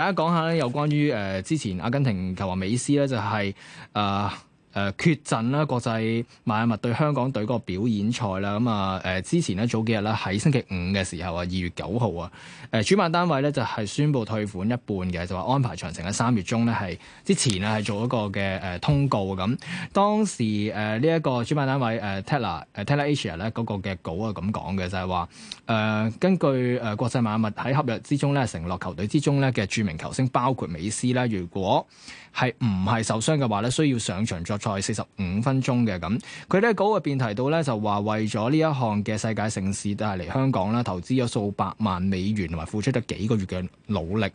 大家講下咧，有關於誒之前阿根廷球王美斯咧、就係，就係啊。誒、呃、缺陣啦！國際邁阿密對香港隊嗰個表演賽啦，咁啊誒之前咧早幾日咧喺星期五嘅時候啊，二月九號啊，誒、呃、主辦單位咧就係、是、宣布退款一半嘅，就話安排長程喺三月中咧係之前啊，係做一個嘅誒、呃、通告咁。當時誒呢一個主辦單位誒、呃、Tella 誒 t e l a Asia 咧嗰個嘅稿啊咁講嘅就係話誒，根據誒國際邁阿密喺合約之中咧，承諾球隊之中咧嘅著名球星包括美斯啦，如果係唔係受傷嘅話咧，需要上場作在四十五分鐘嘅咁，佢咧稿入邊提到咧就話為咗呢一項嘅世界城市帶嚟香港啦，投資咗數百萬美元，同埋付出咗幾個月嘅努力。誒、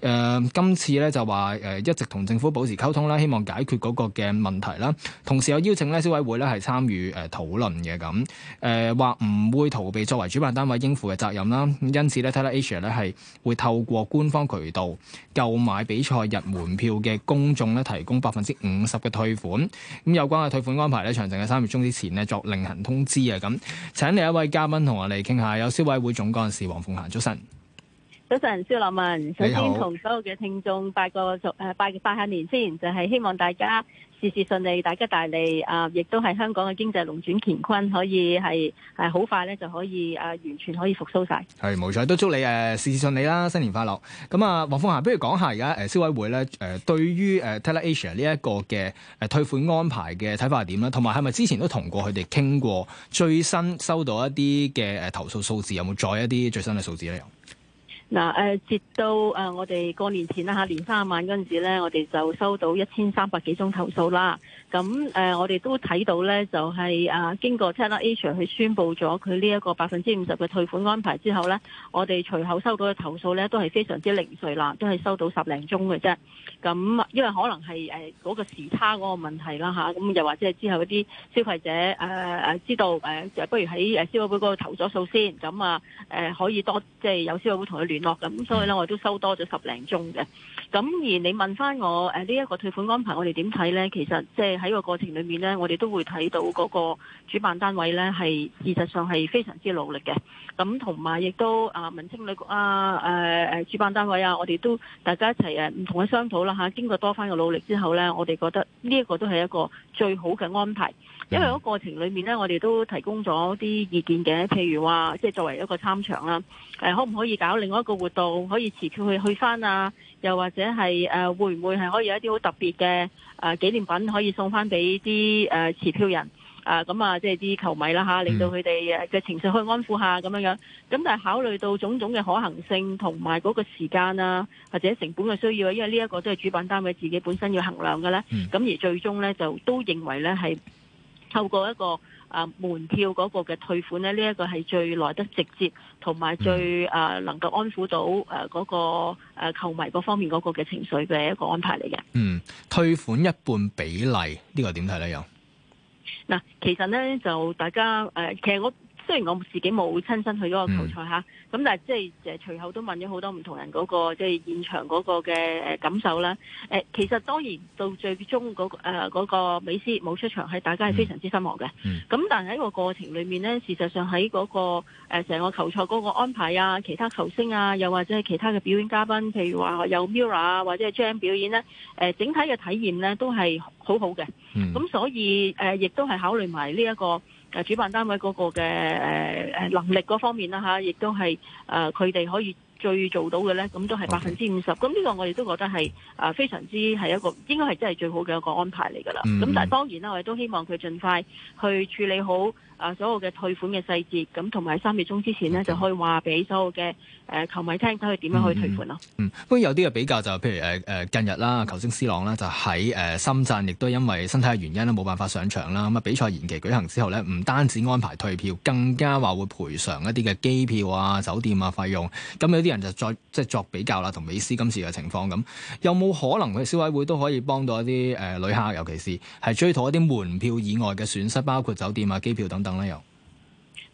呃，今次咧就話誒一直同政府保持溝通啦，希望解決嗰個嘅問題啦。同時又邀請咧消委會咧係參與誒討論嘅咁。誒話唔會逃避作為主辦單位應負嘅責任啦。因此咧 Tatler Asia 咧係會透過官方渠道購買比賽日門票嘅公眾咧提供百分之五十嘅退款。咁、嗯、有關嘅退款安排呢，詳情喺三月中之前呢作另行通知啊。咁、嗯，請另一位嘉賓同我哋傾下，有消委會總幹事黃鳳嫻，早晨，早晨，蕭立文，首先同所有嘅聽眾拜個誒拜個拜下年先，就係、是、希望大家。事事順利，大家吉大利啊、呃！亦都係香港嘅經濟龍轉乾坤，可以係係好快咧，就可以啊、呃，完全可以復蘇晒。係冇錯，都祝你誒、呃、事事順利啦，新年快樂。咁啊，黃鳳嫺，不如講下而家誒消委會咧誒、呃、對於誒、呃、TeleAsia 呢一個嘅誒退款安排嘅睇法係點啦？同埋係咪之前都同過佢哋傾過？最新收到一啲嘅誒投訴數字，有冇再一啲最新嘅數字咧？嗱、嗯、誒，截到誒我哋過年前啦嚇，年卅晚嗰陣時咧，我哋就收到一千三百幾宗投訴啦。咁誒，我哋都睇到咧，就係誒經過 Tatler Asia 去宣布咗佢呢一個百分之五十嘅退款安排之後咧，我哋隨後收到嘅投訴咧，都係非常之零碎啦，都係收到十零宗嘅啫。咁因為可能係誒嗰個時差嗰個問題啦嚇，咁又或者係之後嗰啲消費者誒、呃、知道誒、呃，不如喺消委會嗰度投咗訴先，咁啊、呃、可以多即係、就是、有消委會同佢聯聯絡咁，所以咧我都收多咗十零宗嘅。咁而你問翻我誒呢一個退款安排，我哋點睇呢？其實即係喺個過程裏面呢，我哋都會睇到嗰個主辦單位呢係事實上係非常之努力嘅。咁同埋亦都啊，文體旅局啊誒誒、啊、主辦單位啊，我哋都大家一齊誒唔同嘅商討啦嚇、啊。經過多番嘅努力之後呢，我哋覺得呢一個都係一個最好嘅安排。因為喺個過程裏面呢，我哋都提供咗啲意見嘅，譬如話，即係作為一個參場啦，誒、呃，可唔可以搞另外一個活動，可以持票去去翻啊？又或者係誒、呃，會唔會係可以有一啲好特別嘅誒紀念品可以送翻俾啲誒持票人啊？咁啊，即係啲球迷啦嚇，令到佢哋嘅情緒可以安撫下咁樣樣。咁但係考慮到種種嘅可行性同埋嗰個時間啦，或者成本嘅需要，因為呢一個都係主辦單位自己本身要衡量嘅呢。咁、嗯、而最終呢，就都認為呢係。透過一個誒、呃、門票嗰個嘅退款咧、呢、這、一個係最來得直接，同埋最誒、呃、能夠安撫到誒嗰個、呃那個誒球迷方面嗰個嘅情緒嘅一個、那個安排嚟嘅。嗯，退款一半比例呢、這個點睇咧？又嗱，其實咧就大家誒、呃，其實我。雖然我自己冇親身去嗰個球賽嚇，咁、mm. 但係即係誒隨後都問咗好多唔同人嗰、那個即係、就是、現場嗰個嘅誒感受啦。誒其實當然到最終嗰、那、誒、個呃那個美斯冇出場，係大家係非常之失望嘅。咁、mm. 但係喺個過程裏面呢，事實上喺嗰、那個成、呃、個球賽嗰個安排啊，其他球星啊，又或者係其他嘅表演嘉賓，譬如話有 Mirror、啊、或者係 Jam 表演呢、啊，誒整體嘅體驗呢都係好好嘅。咁、mm. 所以誒、呃、亦都係考慮埋呢一個。誒，主辦單位嗰個嘅誒誒能力嗰方面啦，吓，亦都係誒佢哋可以。最做到嘅呢，咁都係百分之五十。咁、okay. 呢個我哋都覺得係啊，非常之係一個應該係真係最好嘅一個安排嚟㗎啦。咁、嗯、但係當然啦，我哋都希望佢盡快去處理好啊，所有嘅退款嘅細節，咁同埋三月中之前呢，就可以話俾所有嘅誒球迷聽，睇佢點樣可以退款咯。嗯，不、嗯、過有啲嘅比較就譬如誒誒近日啦，球星 C 朗啦就喺誒深圳，亦都因為身體嘅原因咧冇辦法上場啦。咁啊比賽延期舉行之後呢，唔單止安排退票，更加話會賠償一啲嘅機票啊、酒店啊費用。咁有。啲人就再即係、就是、作比較啦，同美斯今次嘅情況咁，有冇可能佢消委會都可以幫到一啲誒旅客，尤其是係追討一啲門票以外嘅損失，包括酒店啊、機票等等咧？又？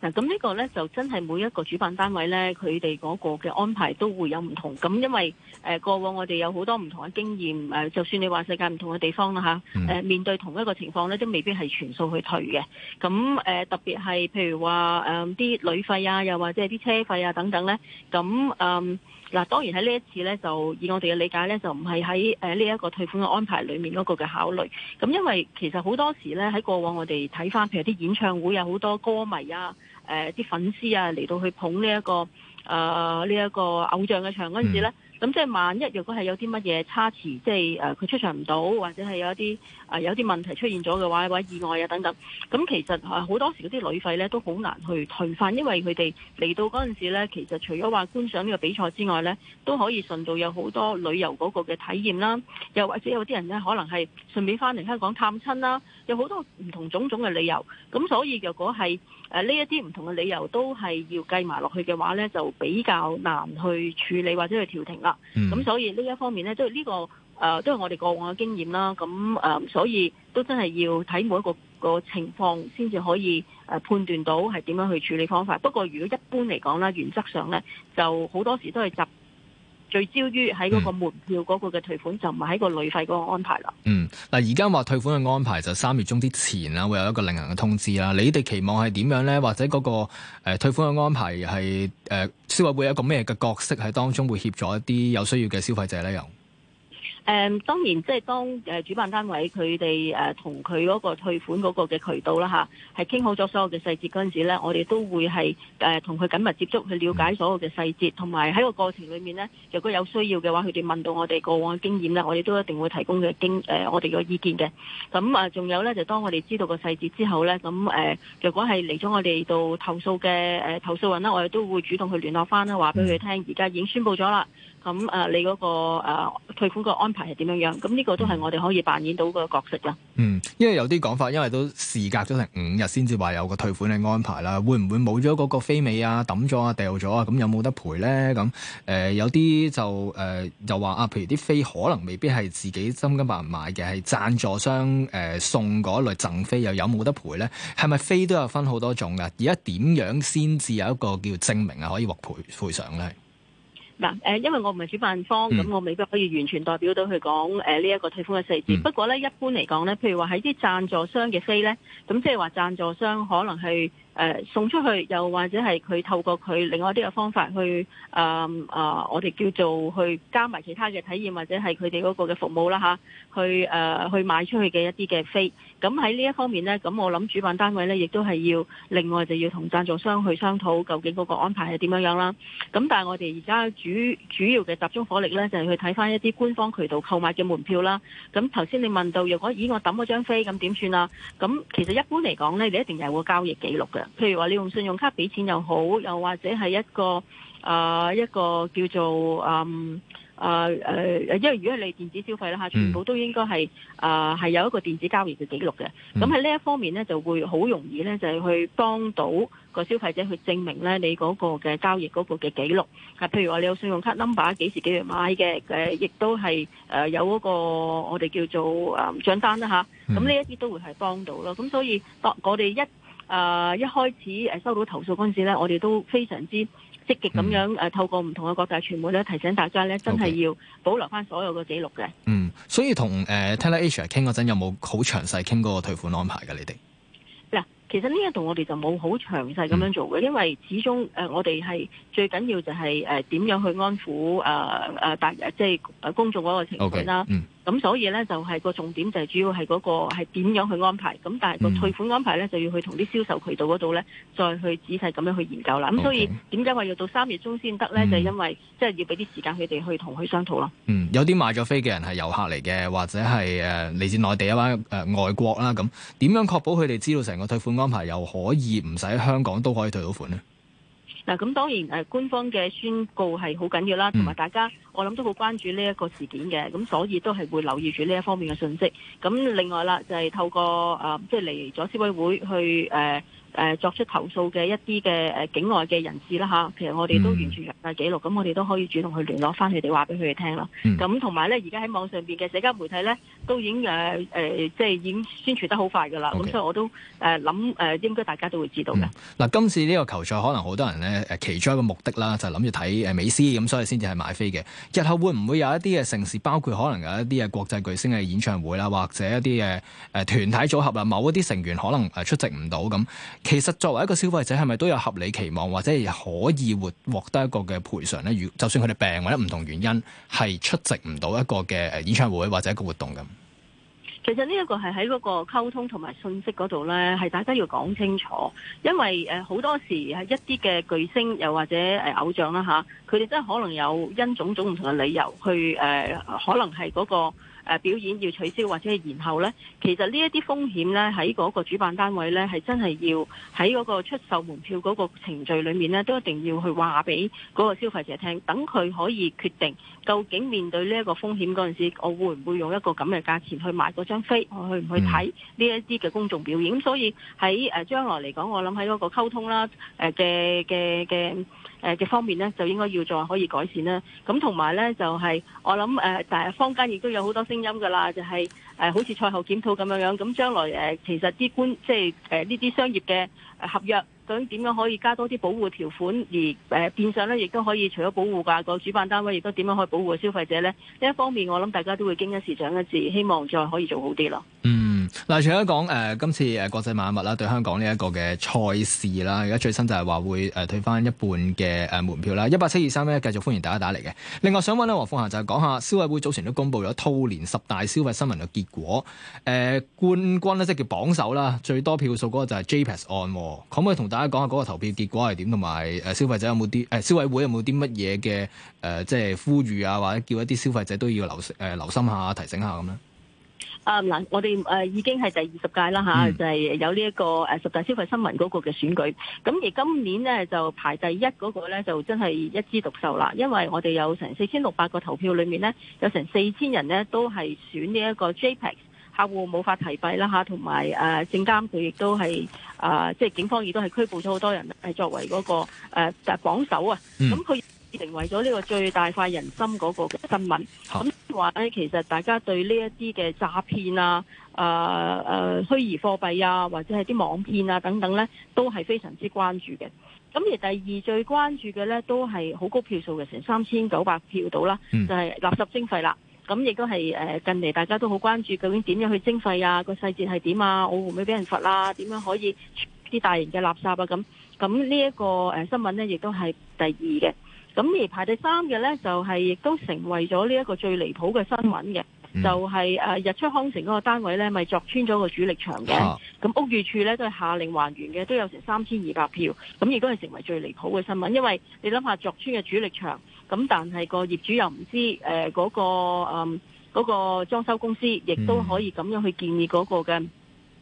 嗱，咁呢個呢，就真係每一個主辦單位呢，佢哋嗰個嘅安排都會有唔同。咁因為誒、呃、過往我哋有好多唔同嘅經驗、呃，就算你話世界唔同嘅地方啦嚇、啊呃，面對同一個情況呢，都未必係全數去退嘅。咁誒、呃、特別係譬如話誒啲旅費啊，又或者係啲車費啊等等呢。咁誒嗱，當然喺呢一次呢，就以我哋嘅理解呢，就唔係喺呢一個退款嘅安排裏面嗰個嘅考慮。咁因為其實好多時呢，喺過往我哋睇翻，譬如啲演唱會有、啊、好多歌迷啊。誒、呃、啲粉絲啊，嚟到去捧呢、這、一個誒呢一個偶像嘅場嗰陣時咧，咁即係萬一如果係有啲乜嘢差池，即係誒佢出場唔到，或者係有一啲誒、呃、有啲問題出現咗嘅話，或者意外啊等等，咁其實好、呃、多時嗰啲旅費咧都好難去退翻，因為佢哋嚟到嗰陣時咧，其實除咗話觀賞呢個比賽之外咧，都可以順道有好多旅遊嗰個嘅體驗啦，又或者有啲人咧可能係順便翻嚟香港探親啦，有好多唔同種種嘅理由，咁所以若果係。誒呢一啲唔同嘅理由都係要計埋落去嘅話呢就比較難去處理或者去調停啦。咁、嗯、所以呢一方面咧，都係呢、這個誒、呃，都係我哋過往嘅經驗啦。咁誒、呃，所以都真係要睇每一個個情況先至可以誒、呃、判斷到係點樣去處理方法。不過如果一般嚟講咧，原則上呢就好多時都係集。聚焦於喺嗰個門票嗰個嘅退款，嗯、就唔係喺個旅費嗰個安排啦。嗯，嗱，而家話退款嘅安排就三月中之前啦，會有一個另行嘅通知啦。你哋期望係點樣咧？或者嗰、那個、呃、退款嘅安排係誒、呃、消委會有一個咩嘅角色喺當中會協助一啲有需要嘅消費者咧？又？誒、嗯、當然，即係當誒、呃、主辦單位佢哋誒同佢嗰個退款嗰個嘅渠道啦嚇，係、啊、傾好咗所有嘅細節嗰陣時咧，我哋都會係誒同佢緊密接觸去了解所有嘅細節，同埋喺個過程裡面咧，如果有需要嘅話，佢哋問到我哋過往嘅經驗啦，我哋都一定會提供嘅經誒、呃、我哋嘅意見嘅。咁啊，仲有咧就當我哋知道個細節之後咧，咁誒，如、呃、果係嚟咗我哋度投訴嘅誒、呃、投訴人啦，我哋都會主動去聯絡翻啦，話俾佢聽，而家已經宣佈咗啦。咁誒，你嗰個退款個安排係點樣？咁呢個都係我哋可以扮演到個角色啦。嗯，因為有啲講法，因為都事隔咗成五日先至話有個退款嘅安排啦。會唔會冇咗嗰個飛尾啊、抌咗啊、掉咗啊？咁有冇得賠咧？咁誒有啲就誒又話啊，譬如啲飛可能未必係自己真金白銀買嘅，係贊助商、呃、送嗰類贈飛，又有冇得賠咧？係咪飛都有分好多種噶？而家點樣先至有一個叫證明啊，可以獲賠賠償咧？嗱，因為我唔係主辦方，咁我未必可以完全代表到佢講誒呢一個退款嘅細節。不過呢，一般嚟講呢，譬如話喺啲贊助商嘅飛呢，咁即係話贊助商可能係誒、呃、送出去，又或者係佢透過佢另外一啲嘅方法去誒誒、呃呃，我哋叫做去加埋其他嘅體驗，或者係佢哋嗰個嘅服務啦吓、啊，去誒、呃、去賣出去嘅一啲嘅飛。咁喺呢一方面呢，咁我諗主辦單位呢，亦都係要另外就要同贊助商去商討究竟嗰個安排係點樣樣啦。咁但係我哋而家主主主要嘅集中火力呢，就係、是、去睇翻一啲官方渠道購買嘅門票啦。咁頭先你問到，如果咦我抌嗰張飛咁點算啊？咁其實一般嚟講呢，你一定有個交易記錄嘅。譬如話你用信用卡俾錢又好，又或者係一個誒、呃、一個叫做誒。嗯啊、呃、誒因為如果你電子消費啦，嚇，全部都應該係啊係有一個電子交易嘅記錄嘅。咁喺呢一方面咧，就會好容易咧，就係、是、去幫到個消費者去證明咧你嗰個嘅交易嗰個嘅記錄。啊，譬如話你有信用卡 number 幾時幾月買嘅，誒、呃、亦都係誒、呃、有嗰個我哋叫做誒、呃、帳單啦吓，咁、啊、呢一啲都會係幫到囉。咁所以當我哋一啊、呃、一開始誒收到投訴嗰陣時咧，我哋都非常之積極咁樣誒，透過唔同嘅各大傳媒咧，提醒大家咧，真係要保留翻所有嘅記錄嘅。Okay. 嗯，所以同誒 Tatler Asia 傾嗰陣，呃、有冇好詳細傾嗰個退款安排嘅？你哋嗱，其實呢一度我哋就冇好詳細咁樣做嘅、嗯，因為始終誒、呃、我哋係最緊要就係誒點樣去安撫誒誒大即係公眾嗰個情況啦。Okay. 嗯咁所以咧就係個重點就係主要係嗰個係點樣去安排，咁但係個退款安排咧就要去同啲銷售渠道嗰度咧再去仔細咁樣去研究啦。咁、okay. 所以點解話要到三月中先得咧？就因為即係要俾啲時間佢哋去同佢商討咯。嗯，有啲買咗飛嘅人係遊客嚟嘅，或者係誒嚟自內地啊，誒、呃、外國啦，咁點樣確保佢哋知道成個退款安排又可以唔使喺香港都可以退到款呢？嗱，咁當然，呃，官方嘅宣告係好緊要啦，同埋大家我諗都好關注呢一個事件嘅，咁所以都係會留意住呢一方面嘅信息。咁另外啦，就係、是、透過，呃，即係嚟咗消委會去誒。呃誒作出投訴嘅一啲嘅境外嘅人士啦嚇，其實我哋都完全有記錄，咁、嗯、我哋都可以主動去聯絡翻佢哋，話俾佢哋聽啦。咁同埋咧，而家喺網上面嘅社交媒體咧，都已經誒、呃、即係已經宣傳得好快噶啦。咁、okay. 所以我都誒諗誒，應該大家都會知道嘅。嗱、嗯，今次呢個球賽可能好多人咧，其中一個目的啦，就諗住睇美斯咁，所以先至係買飛嘅。日後會唔會有一啲嘅城市，包括可能有一啲嘅國際巨星嘅演唱會啦，或者一啲嘅團體組合啦，某一啲成員可能出席唔到咁。其實作為一個消費者，係咪都有合理期望，或者可以獲獲得一個嘅賠償呢？如就算佢哋病或者唔同原因，係出席唔到一個嘅演唱會或者一個活動咁。其實呢一個係喺嗰個溝通同埋信息嗰度呢，係大家要講清楚，因為誒好、呃、多時係一啲嘅巨星又或者誒偶像啦吓，佢哋真係可能有因種種唔同嘅理由去誒、呃，可能係嗰個。誒表演要取消或者延後咧，其實呢一啲風險咧，喺嗰個主辦單位咧，係真係要喺嗰個出售門票嗰個程序裏面咧，都一定要去話俾嗰個消費者聽，等佢可以決定究竟面對呢一個風險嗰陣時，我會唔會用一個咁嘅價錢去買嗰張飛，我去唔去睇呢一啲嘅公眾表演？咁所以喺誒將來嚟講，我諗喺嗰個溝通啦誒嘅嘅嘅誒嘅方面咧，就應該要再可以改善啦。咁同埋咧就係我諗誒，但係坊間亦都有好多。聲音噶啦，就係誒，好似賽後檢討咁樣樣。咁將來誒，其實啲官即係誒呢啲商業嘅合約，究竟點樣可以加多啲保護條款，而誒變相咧，亦都可以除咗保護價，個主辦單位亦都點樣可以保護消費者咧？另一方面，我諗大家都會經一事長一智，希望再可以做好啲咯。嗯。嗱、啊，除咗講誒今次誒、呃、國際萬物國際邁阿密啦，對香港呢一個嘅賽事啦，而家最新就係話會誒、呃、退翻一半嘅誒、呃、門票啦，一八七二三咧繼續歡迎大家打嚟嘅。另外想問咧，黃鳳嫺就係講下消委會早前都公布咗兔年十大消費新聞嘅結果，誒、呃、冠軍咧即係叫榜首啦，最多票數嗰個就係 JPEX 案，啊、可唔可以同大家講下嗰個投票結果係點，同埋、呃、消費者有冇啲誒消委會有冇啲乜嘢嘅誒即係呼籲啊，或者叫一啲消費者都要留、呃、留心下、提醒下咁咧？啊、嗯、嗱、嗯，我哋誒已經係第二十屆啦嚇，就係、是、有呢一個十大消費新聞嗰個嘅選舉。咁而今年咧就排第一嗰個咧就真係一枝獨秀啦，因為我哋有成四千六百個投票裏面咧，有成四千人咧都係選呢一個 JPEX 客戶冇法提幣啦嚇，同埋誒證監佢亦都係誒即係警方亦都係拘捕咗好多人係作為嗰、那個誒榜、呃、首啊。咁、嗯、佢成為咗呢個最大快人心嗰個新聞。啊話咧，其實大家對呢一啲嘅詐騙啊、誒誒虛擬貨幣啊，或者係啲網騙啊等等呢，都係非常之關注嘅。咁而第二最關注嘅呢，都係好高票數嘅，成三千九百票到啦，就係、是、垃圾徵費啦。咁亦都係誒近嚟大家都好關注，究竟點樣去徵費啊？個細節係點啊？我會唔會俾人罰啦、啊，點樣可以啲大型嘅垃圾啊？咁咁呢一個誒新聞呢，亦都係第二嘅。咁而排第三嘅呢，就係、是、亦都成為咗呢一個最離譜嘅新聞嘅，就係、是、誒日出康城嗰個單位呢咪鑿、就是、穿咗個主力牆嘅。咁、啊、屋宇署呢，都係下令還原嘅，都有成三千二百票。咁亦都係成為最離譜嘅新聞，因為你諗下鑿穿嘅主力牆，咁但係個業主又唔知誒嗰、呃那個誒嗰、嗯那個、裝修公司，亦都可以咁樣去建議嗰個嘅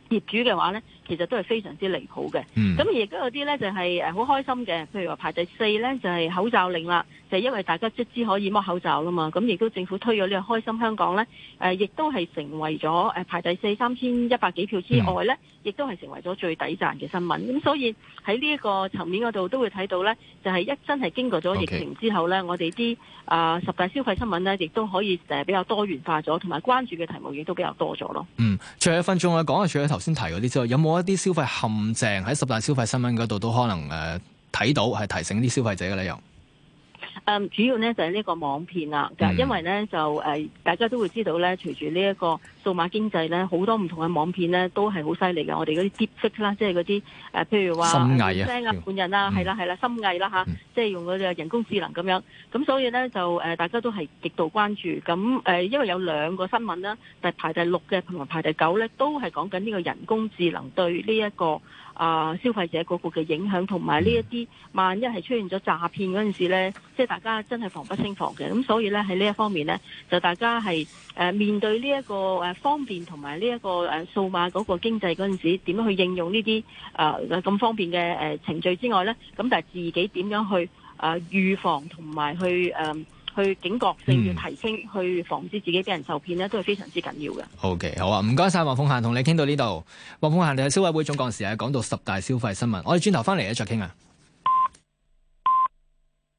業主嘅話呢。其實都係非常之離譜嘅，咁亦都有啲呢，就係誒好開心嘅，譬如話排第四呢，就係口罩令啦，就是、因為大家即知可以摸口罩啦嘛。咁亦都政府推咗呢個開心香港呢，誒亦都係成為咗誒排第四三千一百幾票之外呢，亦、嗯、都係成為咗最抵讚嘅新聞。咁所以喺呢一個層面嗰度都會睇到呢，就係、是、一真係經過咗疫情之後呢，okay. 我哋啲啊十大消費新聞呢，亦都可以誒比較多元化咗，同埋關注嘅題目亦都比較多咗咯。嗯，再一分鐘啊，講下除咗頭先提嗰啲之外，有冇一啲消費陷阱喺十大消費新聞嗰度都可能誒睇、呃、到，係提醒啲消費者嘅理由。主要呢就係呢個網片啦，因為呢，就大家都會知道呢，隨住呢一個數碼經濟呢，好多唔同嘅網片呢都係好犀利嘅。我哋嗰啲 deepfake 啦，即係嗰啲譬如話聲啊、半人啦、係啦係啦，深偽啦即係用嗰隻人工智能咁樣。咁所以呢，就大家都係極度關注。咁誒因為有兩個新聞啦，第排第六嘅同埋排第九呢，都係講緊呢個人工智能對呢、這、一個。啊！消費者嗰個嘅影響，同埋呢一啲，萬一係出現咗詐騙嗰陣時呢，即係、就是、大家真係防不勝防嘅。咁所以呢，喺呢一方面呢，就大家係、呃、面對呢、這、一個、呃、方便同埋呢一個、呃、數碼嗰個經濟嗰陣時，點樣去應用呢啲啊咁方便嘅、呃、程序之外呢，咁就係自己點樣去、呃、預防同埋去、呃去警覺性要提升，去防止自己俾人受騙咧，都係非常之緊要嘅。OK，好啊，唔該晒。黃鳳嫺，同你傾到呢度。黃鳳嫺，你喺消委會總幹事，係講到十大消費新聞，我哋轉頭翻嚟一再傾啊。